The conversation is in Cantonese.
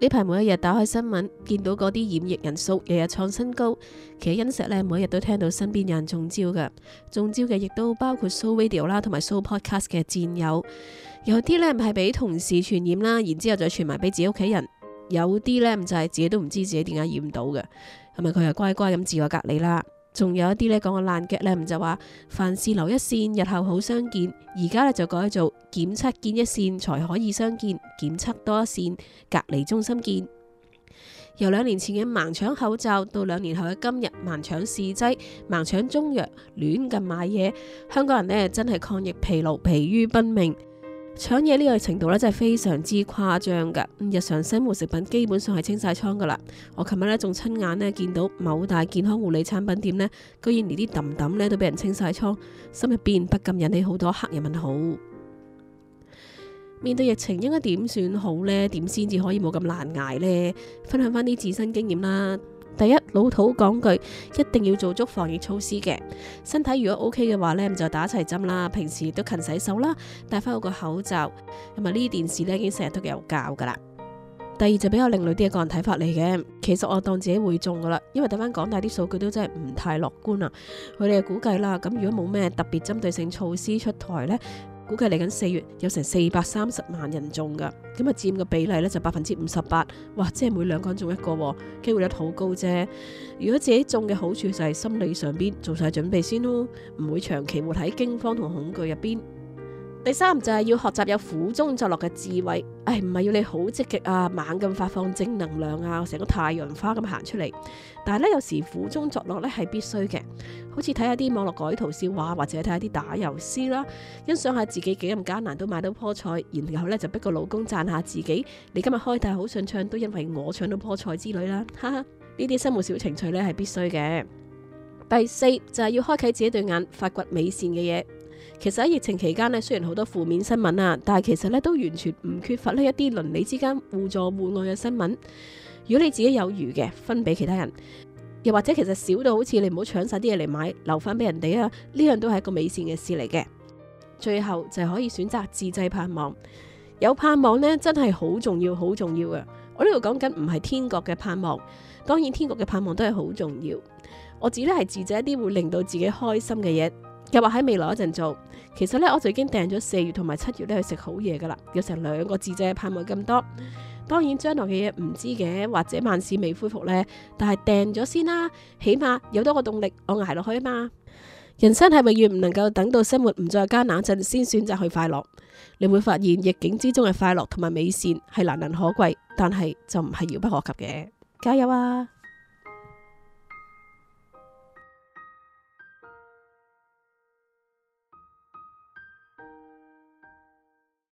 呢排每一日打開新聞，見到嗰啲染疫人數日日創新高。其實欣石咧，每一日都聽到身邊有人中招嘅，中招嘅亦都包括 show video 啦，同埋 show podcast 嘅戰友。有啲咧唔係俾同事傳染啦，然之後再傳埋俾自己屋企人；有啲咧唔就係自己都唔知自己點解染到嘅，係咪佢又乖乖咁自我隔離啦。仲有一啲咧講個爛腳咧，唔就話凡事留一線，日後好相見。而家咧就改做檢測見一線才可以相見，檢測多一線，隔離中心見。由兩年前嘅盲搶口罩，到兩年後嘅今日盲搶試劑、盲搶中藥，亂咁買嘢，香港人咧真係抗疫疲勞，疲於奔命。搶嘢，呢個程度咧，真係非常之誇張噶。日常生活食品基本上係清晒倉噶啦。我琴日咧仲親眼咧見到某大健康護理產品店呢，居然連啲抌抌咧都俾人清晒倉，心入邊不禁引起好多黑人問號。面對疫情，應該點算好呢？點先至可以冇咁難捱呢？分享翻啲自身經驗啦。第一，老土講句，一定要做足防疫措施嘅，身體如果 OK 嘅話咧，就打齊針啦，平時都勤洗手啦，戴翻好個口罩，同埋呢件事呢，已經成日都有教噶啦。第二就是、比較另類啲嘅個人睇法嚟嘅，其實我當自己會中噶啦，因為睇翻港大啲數據都真係唔太樂觀啊，佢哋估計啦，咁如果冇咩特別針對性措施出台呢。估計嚟緊四月有成四百三十萬人中噶，咁啊佔個比例咧就百分之五十八，哇！即係每兩個人中一個，機會率好高啫。如果自己中嘅好處就係、是、心理上邊做晒準備先咯，唔會長期活喺驚慌同恐懼入邊。第三就係要學習有苦中作樂嘅智慧，唉，唔係要你好積極啊，猛咁發放正能量啊，成個太陽花咁行出嚟。但係咧，有時苦中作樂咧係必須嘅，好似睇下啲網絡改圖笑話，或者睇下啲打油詩啦，欣賞下自己幾咁艱難都買到棵菜，然後咧就逼個老公讚下自己，你今日開大好順暢，都因為我搶到棵菜之類啦。哈哈，呢啲生活小情趣咧係必須嘅。第四就係要開啟自己對眼，發掘美善嘅嘢。其實喺疫情期間咧，雖然好多負面新聞啊，但係其實咧都完全唔缺乏呢一啲鄰里之間互助互愛嘅新聞。如果你自己有餘嘅，分俾其他人；又或者其實少到好似你唔好搶晒啲嘢嚟買，留翻俾人哋啊，呢樣都係一個美善嘅事嚟嘅。最後就可以選擇自製盼望，有盼望呢真係好重要，好重要啊！我呢度講緊唔係天國嘅盼望，當然天國嘅盼望都係好重要。我自己係自製一啲會令到自己開心嘅嘢。又或喺未來一陣做，其實咧我就已經訂咗四月同埋七月咧去食好嘢噶啦，有成兩個字啫，盼望咁多。當然將來嘅嘢唔知嘅，或者萬事未恢復呢，但係訂咗先啦，起碼有多個動力我捱落去啊嘛。人生係永遠唔能夠等到生活唔再艱難陣先選擇去快樂？你會發現逆境之中嘅快樂同埋美善係難能可貴，但係就唔係遙不可及嘅。加油啊！